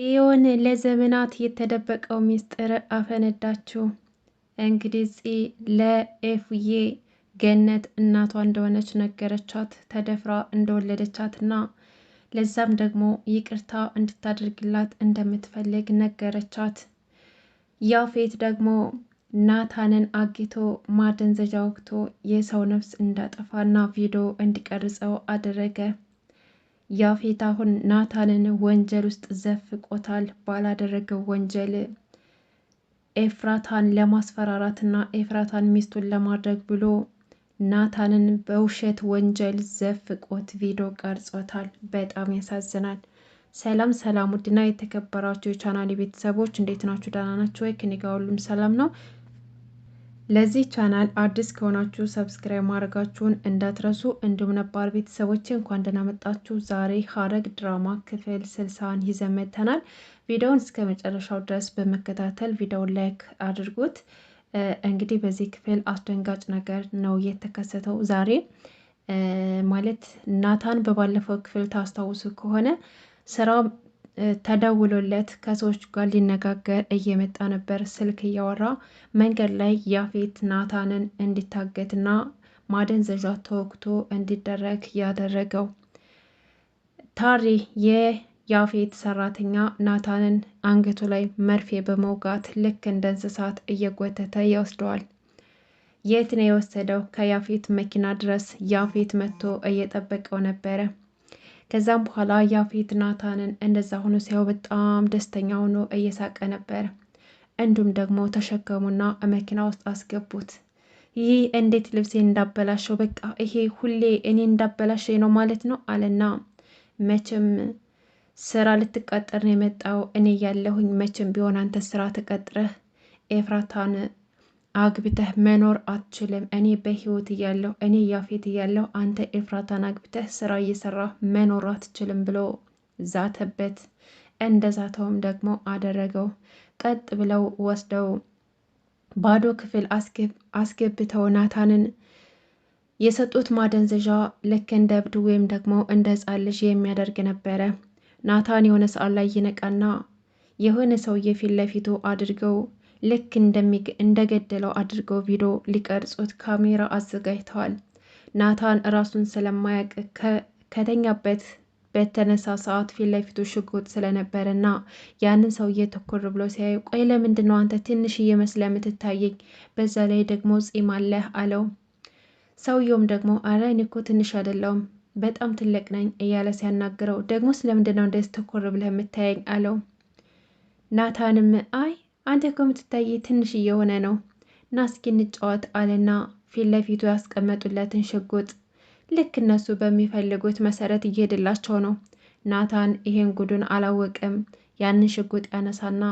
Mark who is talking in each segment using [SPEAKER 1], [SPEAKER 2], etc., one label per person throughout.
[SPEAKER 1] ጽዮን ለዘመናት የተደበቀው ምስጢር አፈነዳችው። እንግዲህ ጽ ለኤፍዬ ገነት እናቷ እንደሆነች ነገረቻት። ተደፍራ እንደወለደቻትና ለዛም ደግሞ ይቅርታ እንድታደርግላት እንደምትፈልግ ነገረቻት። ያፌት ደግሞ ናታንን አግቶ ማደንዘዣ ወቅቶ የሰው ነፍስ እንዳጠፋና ቪዲዮ እንዲቀርጸው አደረገ። ያፌት አሁን ናታንን ወንጀል ውስጥ ዘፍቆታል። ባላደረገው ወንጀል ኤፍራታን ለማስፈራራትና ኤፍራታን ሚስቱን ለማድረግ ብሎ ናታንን በውሸት ወንጀል ዘፍቆት ቪዲዮ ቀርጾታል። በጣም ያሳዝናል። ሰላም ሰላም! ውድና የተከበራችሁ የቻናል ቤተሰቦች እንዴት ናችሁ? ደህና ናችሁ ወይ? ከኔ ጋር ሁሉም ሰላም ነው። ለዚህ ቻናል አዲስ ከሆናችሁ ሰብስክራይብ ማድረጋችሁን እንዳትረሱ፣ እንዲሁም ነባር ቤተሰቦች እንኳን ደህና መጣችሁ። ዛሬ ሐረግ ድራማ ክፍል ስልሳን ይዘን መጥተናል። ቪዲዮውን እስከ መጨረሻው ድረስ በመከታተል ቪዲዮውን ላይክ አድርጉት። እንግዲህ በዚህ ክፍል አስደንጋጭ ነገር ነው የተከሰተው ዛሬ ማለት ናታን በባለፈው ክፍል ታስታውሱ ከሆነ ስራ ተደውሎለት ከሰዎች ጋር ሊነጋገር እየመጣ ነበር። ስልክ እያወራ መንገድ ላይ ያፌት ናታንን እንዲታገትና ማደንዘዣ ተወግቶ እንዲደረግ ያደረገው ታሪ የያፌት ሰራተኛ ናታንን አንገቱ ላይ መርፌ በመውጋት ልክ እንደ እንስሳት እየጎተተ ይወስደዋል። የት ነው የወሰደው? ከያፌት መኪና ድረስ ያፌት መጥቶ እየጠበቀው ነበረ። ከዛም በኋላ ያፌት ናታንን እንደዛ ሆኖ ሲያው በጣም ደስተኛ ሆኖ እየሳቀ ነበር። እንዲሁም ደግሞ ተሸከሙና መኪና ውስጥ አስገቡት። ይህ እንዴት ልብሴ እንዳበላሸው በቃ ይሄ ሁሌ እኔ እንዳበላሸ ነው ማለት ነው አለና መቼም ስራ ልትቀጥር ነው የመጣው እኔ ያለሁኝ መቼም ቢሆን አንተ ስራ ተቀጥረህ ኤፍራታን አግብተህ መኖር አትችልም። እኔ በህይወት እያለሁ እኔ ያፌት እያለሁ አንተ ኤፍራታን አግብተህ ስራ እየሰራ መኖር አትችልም ብሎ ዛተበት። እንደ ዛተውም ደግሞ አደረገው። ቀጥ ብለው ወስደው ባዶ ክፍል አስገብተው ናታንን የሰጡት ማደንዘዣ ልክ እንደ እብድ ወይም ደግሞ እንደ ህፃን ልጅ የሚያደርግ ነበረ። ናታን የሆነ ሰዓት ላይ ይነቃና የሆነ ሰውዬ ፊት ለፊቱ አድርገው ልክ እንደገደለው አድርገው ቪዲዮ ሊቀርጹት ካሜራ አዘጋጅተዋል። ናታን ራሱን ስለማያውቅ ከተኛበት በተነሳ ሰዓት ፊት ለፊቱ ሽጉጥ ስለነበረ እና ያንን ሰውዬ ትኩር ብሎ ሲያዩ ቆይ ለምንድን ነው አንተ ትንሽዬ እየመስለ የምትታየኝ? በዛ ላይ ደግሞ ጺም አለህ አለው። ሰውየውም ደግሞ አረ እኔ እኮ ትንሽ አይደለሁም በጣም ትልቅ ነኝ እያለ ሲያናግረው ደግሞ ስለምንድን ነው እንደዚህ ትኩር ብለህ የምታየኝ አለው። ናታንም አይ አንተ ከምትታይ ትንሽ እየሆነ ነው እና እስኪ እንጫወት አለና ፊት ለፊቱ ያስቀመጡለትን ሽጉጥ ልክ እነሱ በሚፈልጉት መሰረት እየሄደላቸው ነው። ናታን ይሄን ጉዱን አላወቅም። ያንን ሽጉጥ ያነሳና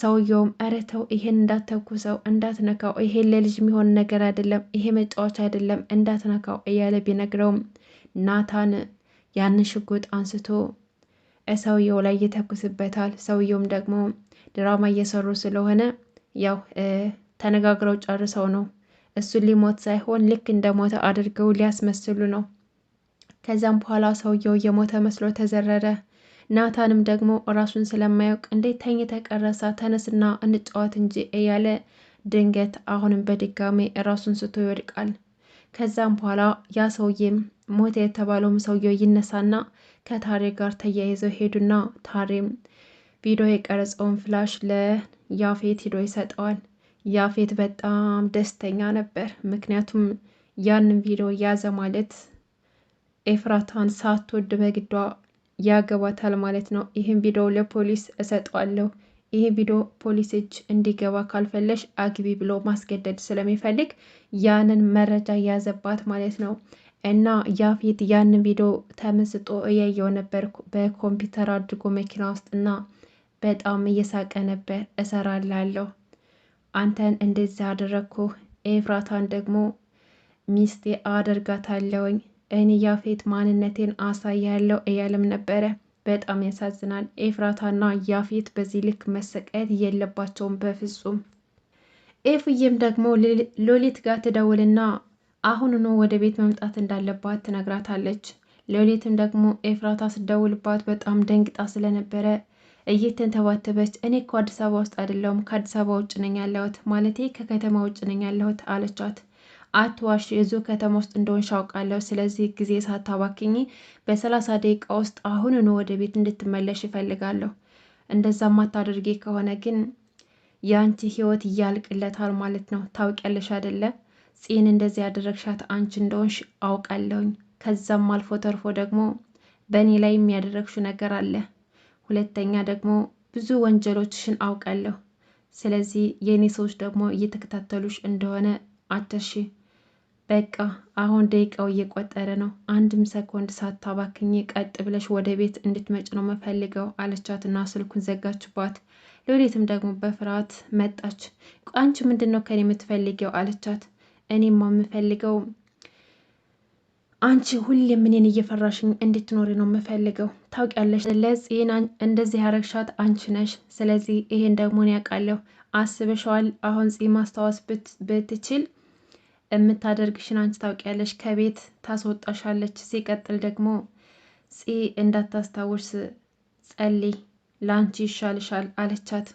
[SPEAKER 1] ሰውየውም ኧረ ተው ይሄን እንዳተኩሰው እንዳትነካው፣ ይሄን ለልጅ የሚሆን ነገር አይደለም፣ ይሄ መጫወቻ አይደለም፣ እንዳትነካው እያለ ቢነግረውም ናታን ያንን ሽጉጥ አንስቶ ሰውየው ላይ ይተኩስበታል። ሰውየውም ደግሞ ድራማ እየሰሩ ስለሆነ ያው ተነጋግረው ጨርሰው ነው እሱን ሊሞት ሳይሆን ልክ እንደ ሞተ አድርገው ሊያስመስሉ ነው። ከዚያም በኋላ ሰውየው የሞተ መስሎ ተዘረረ። ናታንም ደግሞ ራሱን ስለማያውቅ እንዴት ተኝተ ቀረሳ ተነስና እንጫወት እንጂ እያለ ድንገት አሁንም በድጋሜ እራሱን ስቶ ይወድቃል። ከዛም በኋላ ያ ሰውዬም ሞተ የተባለውም ሰውየው ይነሳና ከታሬ ጋር ተያይዘው ሄዱና ታሬም ቪዲዮ የቀረጸውን ፍላሽ ለያፌት ሂዶ ይሰጠዋል። ያፌት በጣም ደስተኛ ነበር። ምክንያቱም ያንን ቪዲዮ ያዘ ማለት ኤፍራታን ሳትወድ በግዷ ያገባታል ማለት ነው። ይህን ቪዲዮ ለፖሊስ እሰጠዋለሁ፣ ይህ ቪዲዮ ፖሊስ እጅ እንዲገባ ካልፈለሽ አግቢ ብሎ ማስገደድ ስለሚፈልግ ያንን መረጃ ያዘባት ማለት ነው። እና ያፌት ያን ቪዲዮ ተመስጦ እያየው ነበር። በኮምፒውተር አድርጎ መኪና ውስጥ እና በጣም እየሳቀ ነበር። እሰራላለሁ፣ አንተን እንደዚህ አደረግኩ፣ ኤፍራታን ደግሞ ሚስቴ አደርጋታለውኝ፣ እኔ ያፌት ማንነቴን አሳያለሁ እያለም ነበረ። በጣም ያሳዝናል። ኤፍራታና ያፌት በዚህ ልክ መሰቀት የለባቸውም በፍጹም። ኤፍዬም ደግሞ ሎሊት ጋር ትደውልና አሁኑኑ ወደ ቤት መምጣት እንዳለባት ትነግራታለች። ሌሊትም ደግሞ ኤፍራታ ስደውልባት በጣም ደንግጣ ስለነበረ እየተንተባተበች እኔ እኮ አዲስ አበባ ውስጥ አይደለሁም ከአዲስ አበባ ውጭ ነኝ ያለሁት ማለቴ ከከተማ ውጭ ነኝ ያለሁት አለቻት። አትዋሽ የዙ ከተማ ውስጥ እንደሆንሽ አውቃለሁ። ስለዚህ ጊዜ ሳታባክኝ በሰላሳ ደቂቃ ውስጥ አሁኑኑ ወደ ቤት እንድትመለሽ ይፈልጋለሁ። እንደዛ ማታደርጌ ከሆነ ግን የአንቺ ህይወት እያልቅለታል ማለት ነው። ታውቂያለሽ አይደለም ጺን እንደዚህ ያደረግሻት አንቺ እንደሆንሽ አውቃለሁኝ። ከዛም አልፎ ተርፎ ደግሞ በእኔ ላይ የሚያደረግሽው ነገር አለ። ሁለተኛ ደግሞ ብዙ ወንጀሎችሽን አውቃለሁ። ስለዚህ የእኔ ሰዎች ደግሞ እየተከታተሉሽ እንደሆነ አትርሺ። በቃ አሁን ደቂቃው እየቆጠረ ነው። አንድም ሰኮንድ ሳታባክኝ ቀጥ ብለሽ ወደ ቤት እንድትመጭ ነው መፈልገው አለቻትና ስልኩን ዘጋችባት። ሎሌትም ደግሞ በፍርሃት መጣች። አንቺ ምንድን ነው ከኔ የምትፈልገው አለቻት። እኔማ የምፈልገው አንቺ ሁሌም እኔን እየፈራሽኝ እንድትኖሪ ነው የምፈልገው። ታውቂያለሽ፣ ለጽን እንደዚህ ያረግሻት አንቺ ነሽ። ስለዚህ ይሄን ደግሞ እኔ ያውቃለሁ፣ አስበሸዋል። አሁን ጽ ማስታወስ ብትችል የምታደርግሽን አንቺ ታውቂያለሽ። ከቤት ታስወጣሻለች። ሲቀጥል ደግሞ ጽ እንዳታስታውሽ ጸልይ፣ ለአንቺ ይሻልሻል አለቻት።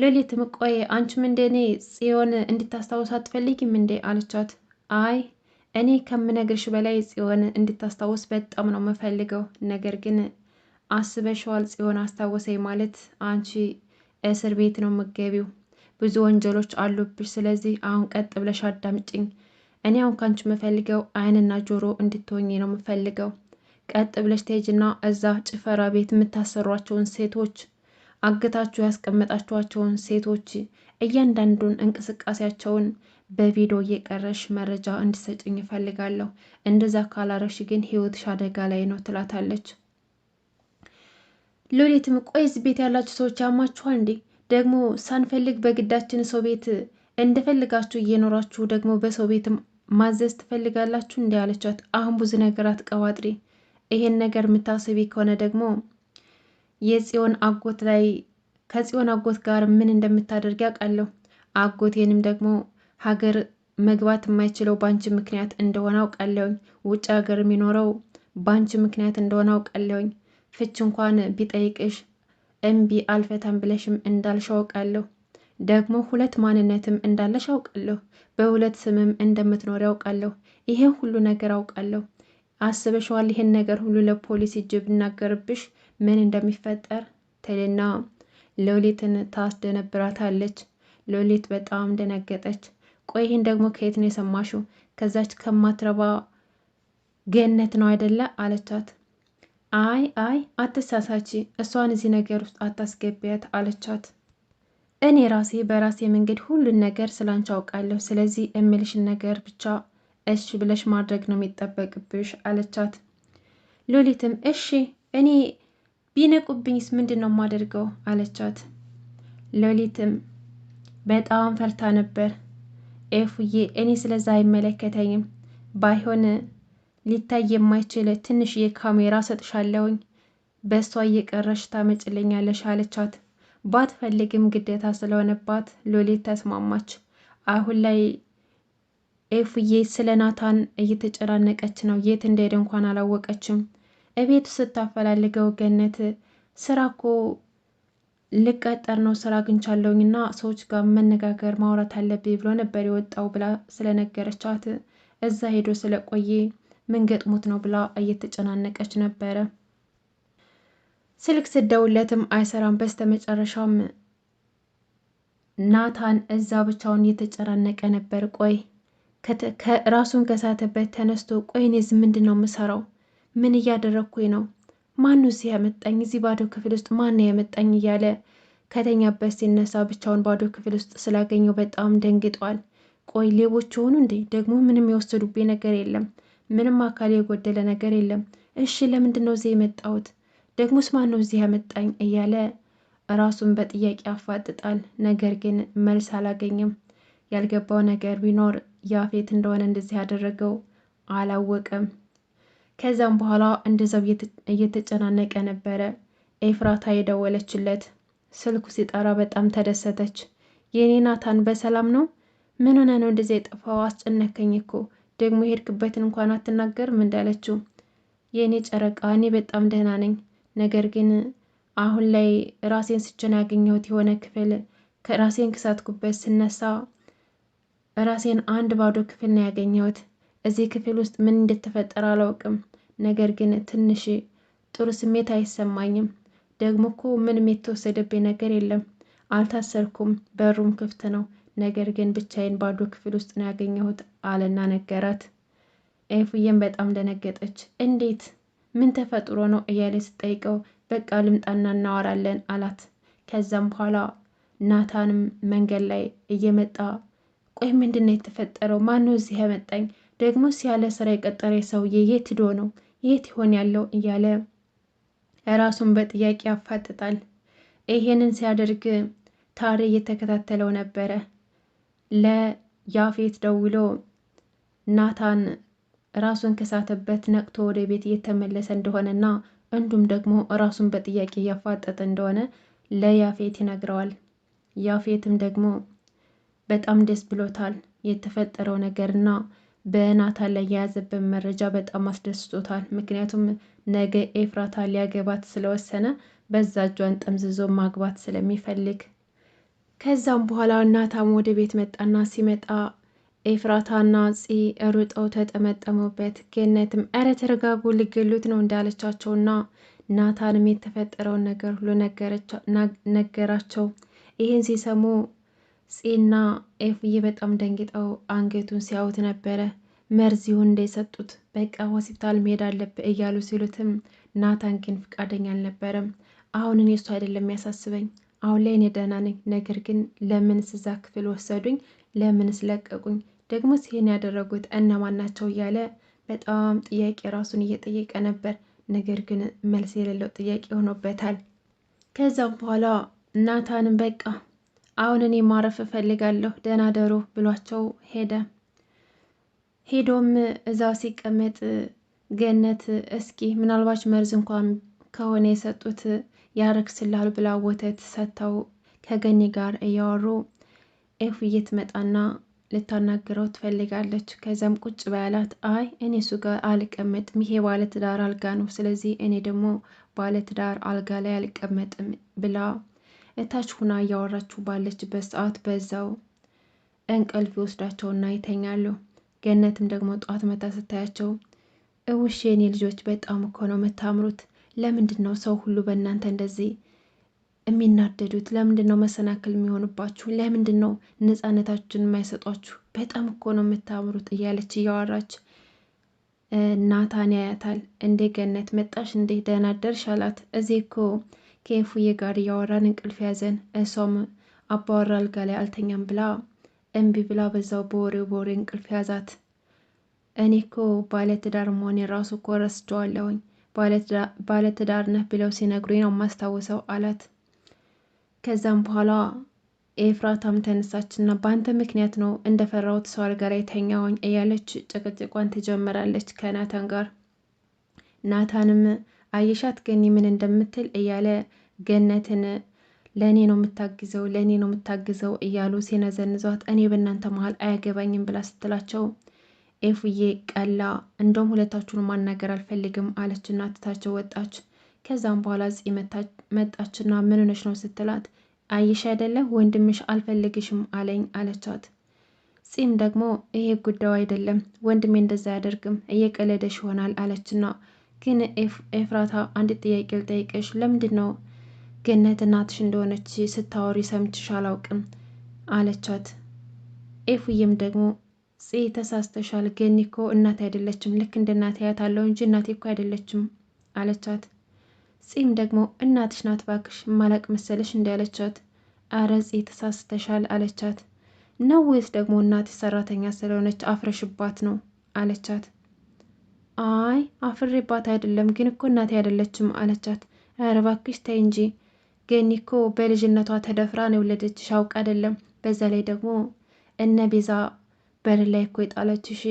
[SPEAKER 1] ሌሊት ምቆይ አንቺም እንደ እኔ ጽዮን እንድታስታውስ አትፈልጊም እንዴ አለቻት። አይ እኔ ከምነግርሽ በላይ ጽዮን እንድታስታውስ በጣም ነው የምፈልገው። ነገር ግን አስበሽዋል፣ ጽዮን አስታወሰኝ ማለት አንቺ እስር ቤት ነው የምገቢው። ብዙ ወንጀሎች አሉብሽ። ስለዚህ አሁን ቀጥ ብለሽ አዳምጭኝ። እኔ አሁን ካንቺ የምፈልገው አይንና ጆሮ እንድትሆኝ ነው የምፈልገው። ቀጥ ብለሽ ትሄጂና እዛ ጭፈራ ቤት የምታሰሯቸውን ሴቶች አግታችሁ ያስቀመጣችኋቸውን ሴቶች እያንዳንዱን እንቅስቃሴያቸውን በቪዲዮ እየቀረሽ መረጃ እንዲሰጭኝ ይፈልጋለሁ። እንደዛ ካላረሽ ግን ህይወትሽ አደጋ ላይ ነው ትላታለች። ሎሌትም ቆይዝ ቤት ያላችሁ ሰዎች ያማችኋል እንዴ? ደግሞ ሳንፈልግ በግዳችን ሰው ቤት እንደፈልጋችሁ እየኖራችሁ ደግሞ በሰው ቤት ማዘዝ ትፈልጋላችሁ? እንዲ አለቻት። አሁን ብዙ ነገር አትቀባጥሪ። ይሄን ነገር የምታስቢ ከሆነ ደግሞ የጽዮን አጎት ላይ ከጽዮን አጎት ጋር ምን እንደምታደርግ ያውቃለሁ። አጎቴንም ደግሞ ሀገር መግባት የማይችለው ባንች ምክንያት እንደሆነ አውቃለሁኝ። ውጭ ሀገር የሚኖረው ባንች ምክንያት እንደሆነ አውቃለሁኝ። ፍች እንኳን ቢጠይቅሽ እምቢ አልፈታም ብለሽም እንዳልሽ አውቃለሁ። ደግሞ ሁለት ማንነትም እንዳለሽ አውቃለሁ። በሁለት ስምም እንደምትኖር አውቃለሁ። ይሄ ሁሉ ነገር አውቃለሁ። አስበሽዋል? ይሄን ነገር ሁሉ ለፖሊስ እጅ ብናገርብሽ ምን እንደሚፈጠር ቴሌና ሎሊትን ታስደነብራታለች። ሎሊት በጣም ደነገጠች። ቆይ ይህን ደግሞ ከየት ነው የሰማሹ? ከዛች ከማትረባ ገነት ነው አይደለ አለቻት። አይ አይ አትሳሳቺ፣ እሷን እዚህ ነገር ውስጥ አታስገቢያት አለቻት። እኔ ራሴ በራሴ መንገድ ሁሉን ነገር ስላንቺ አውቃለሁ። ስለዚህ እምልሽን ነገር ብቻ እሺ ብለሽ ማድረግ ነው የሚጠበቅብሽ አለቻት። ሎሊትም እሺ እኔ ቢነቁብኝስ ምንድን ነው የማደርገው አለቻት። ሎሊትም በጣም ፈርታ ነበር። ኤፉዬ እኔ ስለዛ አይመለከተኝም፣ ባይሆን ሊታይ የማይችል ትንሽዬ ካሜራ ሰጥሻለውኝ በእሷ እየቀረሽ ታመጭልኛለሽ አለቻት። ባትፈልግም ግዴታ ስለሆነባት ሎሊት ተስማማች። አሁን ላይ ኤፉዬ ስለ ናታን እየተጨናነቀች ነው። የት እንደሄደ እንኳን አላወቀችም። እቤት ስታፈላልገው ገነት ስራ እኮ ልቀጠር ነው ስራ አግኝቻለሁኝ እና ሰዎች ጋር መነጋገር ማውራት አለብኝ ብሎ ነበር የወጣው ብላ ስለነገረቻት እዛ ሄዶ ስለቆየ ምን ገጥሞት ነው ብላ እየተጨናነቀች ነበረ። ስልክ ስደውለትም አይሰራም። በስተመጨረሻም ናታን እዛ ብቻውን እየተጨናነቀ ነበር። ቆይ ራሱን ከሳተበት ተነስቶ ቆይ እኔ ምንድን ነው የምሰራው ምን እያደረግኩኝ ነው? ማኑ እዚህ ያመጣኝ? እዚህ ባዶ ክፍል ውስጥ ማን ነው ያመጣኝ? እያለ ከተኛበት ሲነሳ ብቻውን ባዶ ክፍል ውስጥ ስላገኘው በጣም ደንግጧል። ቆይ ሌቦች የሆኑ እንዴ? ደግሞ ምንም የወሰዱብኝ ነገር የለም፣ ምንም አካል የጎደለ ነገር የለም። እሺ ለምንድን ነው እዚህ የመጣሁት? ደግሞስ ማን ነው እዚህ ያመጣኝ? እያለ ራሱን በጥያቄ አፋጥጣል ነገር ግን መልስ አላገኘም። ያልገባው ነገር ቢኖር ያፌት እንደሆነ እንደዚህ ያደረገው አላወቀም። ከዚያም በኋላ እንደዛው እየተጨናነቀ ነበረ። ኤፍራታ የደወለችለት ስልኩ ሲጠራ በጣም ተደሰተች። የኔ ናታን በሰላም ነው? ምን ሆነ ነው እንደዚያ የጠፋው? አስጨነከኝ እኮ ደግሞ የሄድክበትን እንኳን አትናገርም እንዳለችው፣ የእኔ ጨረቃ እኔ በጣም ደህና ነኝ። ነገር ግን አሁን ላይ ራሴን ስችን ያገኘሁት የሆነ ክፍል ከራሴን ክሳትኩበት ስነሳ ራሴን አንድ ባዶ ክፍል ነው ያገኘሁት። እዚህ ክፍል ውስጥ ምን እንደተፈጠረ አላውቅም፣ ነገር ግን ትንሽ ጥሩ ስሜት አይሰማኝም። ደግሞ እኮ ምንም የተወሰደብኝ ነገር የለም፣ አልታሰርኩም፣ በሩም ክፍት ነው። ነገር ግን ብቻዬን ባዶ ክፍል ውስጥ ነው ያገኘሁት አለና ነገራት። ኤፉዬም በጣም ደነገጠች። እንዴት ምን ተፈጥሮ ነው እያለ ስጠይቀው በቃ ልምጣና እናወራለን አላት። ከዛም በኋላ ናታንም መንገድ ላይ እየመጣ ቆይ ምንድን ነው የተፈጠረው? ማነው እዚህ ያመጣኝ? ደግሞስ ያለ ስራ የቀጠረ ሰውዬ የት ሂዶ ነው የት ይሆን ያለው እያለ ራሱን በጥያቄ ያፋጥጣል። ይሄንን ሲያደርግ ታሬ እየተከታተለው ነበረ። ለያፌት ደውሎ ናታን ራሱን ከሳተበት ነቅቶ ወደ ቤት እየተመለሰ እንደሆነና እንዱም ደግሞ ራሱን በጥያቄ እያፋጠጠ እንደሆነ ለያፌት ይነግረዋል። ያፌትም ደግሞ በጣም ደስ ብሎታል የተፈጠረው ነገርና በናታን ላይ የያዘበት መረጃ በጣም አስደስቶታል። ምክንያቱም ነገ ኤፍራታ ሊያገባት ስለወሰነ በዛ እጇን ጠምዝዞ ማግባት ስለሚፈልግ ከዛም በኋላ ናታም ወደ ቤት መጣና ሲመጣ ኤፍራታና ፂ ሩጠው ተጠመጠሙበት። ገነትም እረ ተረጋጉ ሊገሉት ነው እንዳለቻቸውና ናታንም የተፈጠረውን ነገር ሁሉ ነገራቸው። ይህን ሲሰሙ ፄና ኤፍዬ በጣም ደንግጠው አንገቱን ሲያዩት ነበረ። መርዝ እንደሰጡት የሰጡት በቃ ሆስፒታል መሄድ አለብህ እያሉ ሲሉትም ናታን ግን ፍቃደኛ አልነበረም። አሁን እኔ እሱ አይደለም የሚያሳስበኝ፣ አሁን ላይ እኔ ደህና ነኝ። ነገር ግን ለምንስ እዛ ክፍል ወሰዱኝ? ለምንስ ለቀቁኝ? ደግሞ ይሄን ያደረጉት እነማን ናቸው? እያለ በጣም ጥያቄ ራሱን እየጠየቀ ነበር። ነገር ግን መልስ የሌለው ጥያቄ ሆኖበታል። ከዛም በኋላ ናታንም በቃ አሁን እኔ ማረፍ እፈልጋለሁ ደህና ደሩ ብሏቸው ሄደ። ሄዶም እዛው ሲቀመጥ ገነት እስኪ ምናልባች መርዝ እንኳን ከሆነ የሰጡት ያረክስልሃል ብላ ወተት ሰጥተው ከገኒ ጋር እያወሩ ኤፉዬ ትመጣና ልታናግረው ትፈልጋለች። ከዚያም ቁጭ በያላት አይ እኔ እሱ ጋር አልቀመጥም፣ ይሄ ባለትዳር አልጋ ነው። ስለዚህ እኔ ደግሞ ባለትዳር አልጋ ላይ አልቀመጥም ብላ እታች ሁና እያወራችሁ ባለችበት ሰዓት በዛው እንቅልፍ ይወስዳቸውና ይተኛሉ። ገነትም ደግሞ ጠዋት መታ ስታያቸው እውሽ የኔ ልጆች በጣም እኮ ነው የምታምሩት። ለምንድን ነው ሰው ሁሉ በእናንተ እንደዚህ የሚናደዱት? ለምንድን ነው መሰናክል የሚሆኑባችሁ? ለምንድን ነው ነፃነታችሁን የማይሰጧችሁ? በጣም እኮ ነው የምታምሩት እያለች እያወራች ናታን ያያታል። እንዴ ገነት መጣሽ እንዴ ደህና አደርሽ አላት። እዚህ እኮ ከፉዬ ጋር እያወራን እንቅልፍ ያዘን። እሷም አባወራ አልጋ ላይ አልተኛም ብላ እምቢ ብላ በዛው በወሬው በወሬ እንቅልፍ ያዛት። እኔ እኮ ባለትዳር መሆኔ ራሱ እኮ ረስቼዋለሁኝ ባለትዳር ነህ ብለው ሲነግሩኝ ነው የማስታውሰው አላት። ከዛም በኋላ ኤፍራታም ተነሳችና በአንተ ምክንያት ነው እንደፈራሁት ሰው አልጋ ላይ ተኛሁኝ እያለች ጭቅጭቋን ትጀምራለች ከናታን ጋር ናታንም አየሻት ገኒ ምን እንደምትል እያለ ገነትን ለእኔ ነው የምታግዘው ለእኔ ነው የምታግዘው እያሉ ሲነዘንዟት እኔ በእናንተ መሀል አያገባኝም ብላ ስትላቸው ኤፉዬ ቀላ፣ እንደውም ሁለታችሁን ማናገር አልፈልግም አለችና ትታቸው ወጣች። ከዛም በኋላ ጽ መጣችና ምን ሆነሽ ነው ስትላት አይሽ አይደለ ወንድምሽ አልፈልግሽም አለኝ አለቻት። ጺም ደግሞ ይሄ ጉዳዩ አይደለም ወንድሜ እንደዛ አያደርግም እየቀለደሽ ይሆናል አለችና ግን ኤፍራታ አንድ ጥያቄ ልጠይቅሽ። ለምንድን ነው ገነት እናትሽ እንደሆነች ስታወሪ ሰምችሽ አላውቅም አለቻት። ኤፉዬም ደግሞ ጽ ተሳስተሻል፣ ገኒ እኮ እናቴ አይደለችም። ልክ እንደ እናቴ አያታለሁ እንጂ እናቴ እኮ አይደለችም አለቻት። ጽም ደግሞ እናትሽ ናት ባክሽ ማላቅ መሰለሽ እንዲ አለቻት። አረ ጽ ተሳስተሻል አለቻት። ነው ወይስ ደግሞ እናትሽ ሰራተኛ ስለሆነች አፍረሽባት ነው አለቻት። አይ አፍሬባት አይደለም ግን እኮ እናቴ አይደለችም አለቻት። ኧረ እባክሽ ተይ እንጂ ገኒ እኮ በልጅነቷ ተደፍራ ነው የወለደችሽ አውቅ አይደለም። በዛ ላይ ደግሞ እነ ቤዛ በር ላይ እኮ የጣለችሽ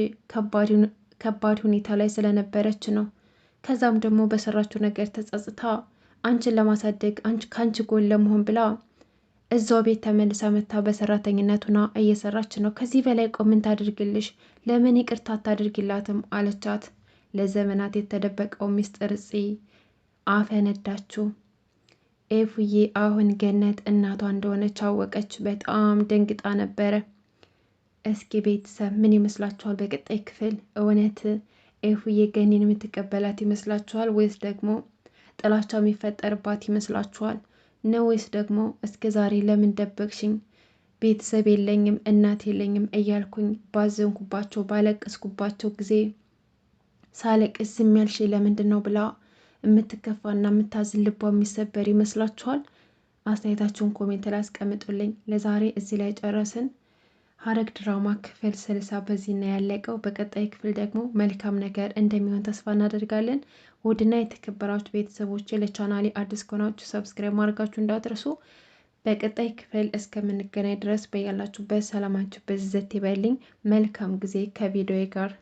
[SPEAKER 1] ከባድ ሁኔታ ላይ ስለነበረች ነው። ከዛም ደግሞ በሰራችው ነገር ተጸጽታ አንቺን ለማሳደግ ከአንቺ ጎን ለመሆን ብላ እዛው ቤት ተመልሳ መታ በሰራተኝነት ሁና እየሰራች ነው። ከዚህ በላይ ቆምን ታደርግልሽ? ለምን ይቅርታ ታደርግላትም አለቻት ለዘመናት የተደበቀው ምስጢር ፂ አፈነዳችው። ኤፉዬ አሁን ገነት እናቷ እንደሆነች አወቀች። በጣም ደንግጣ ነበረ። እስኪ ቤተሰብ ምን ይመስላችኋል? በቀጣይ ክፍል እውነት ኤፉዬ ገኒን የምትቀበላት ይመስላችኋል? ወይስ ደግሞ ጥላቻው የሚፈጠርባት ይመስላችኋል? ነው ወይስ ደግሞ እስከ ዛሬ ለምን ደበቅሽኝ ቤተሰብ የለኝም እናት የለኝም እያልኩኝ ባዘንኩባቸው ባለቀስኩባቸው ጊዜ ሳለቅስ ዝም ያልሽ ለምንድን ነው ብላ የምትከፋና የምታዝን ልቧ የሚሰበር ይመስላችኋል? አስተያየታችሁን ኮሜንት ላይ አስቀምጡልኝ። ለዛሬ እዚህ ላይ ጨረስን። ሐረግ ድራማ ክፍል ስልሳ በዚህ ና ያለቀው። በቀጣይ ክፍል ደግሞ መልካም ነገር እንደሚሆን ተስፋ እናደርጋለን። ውድና የተከበራችሁ ቤተሰቦች ለቻናሌ አዲስ ከሆናችሁ ሰብስክራይብ ማድረጋችሁ እንዳትረሱ። በቀጣይ ክፍል እስከምንገናኝ ድረስ በያላችሁበት ሰላማችሁ በዝዘት ይበልኝ። መልካም ጊዜ ከቪዲዮ ጋር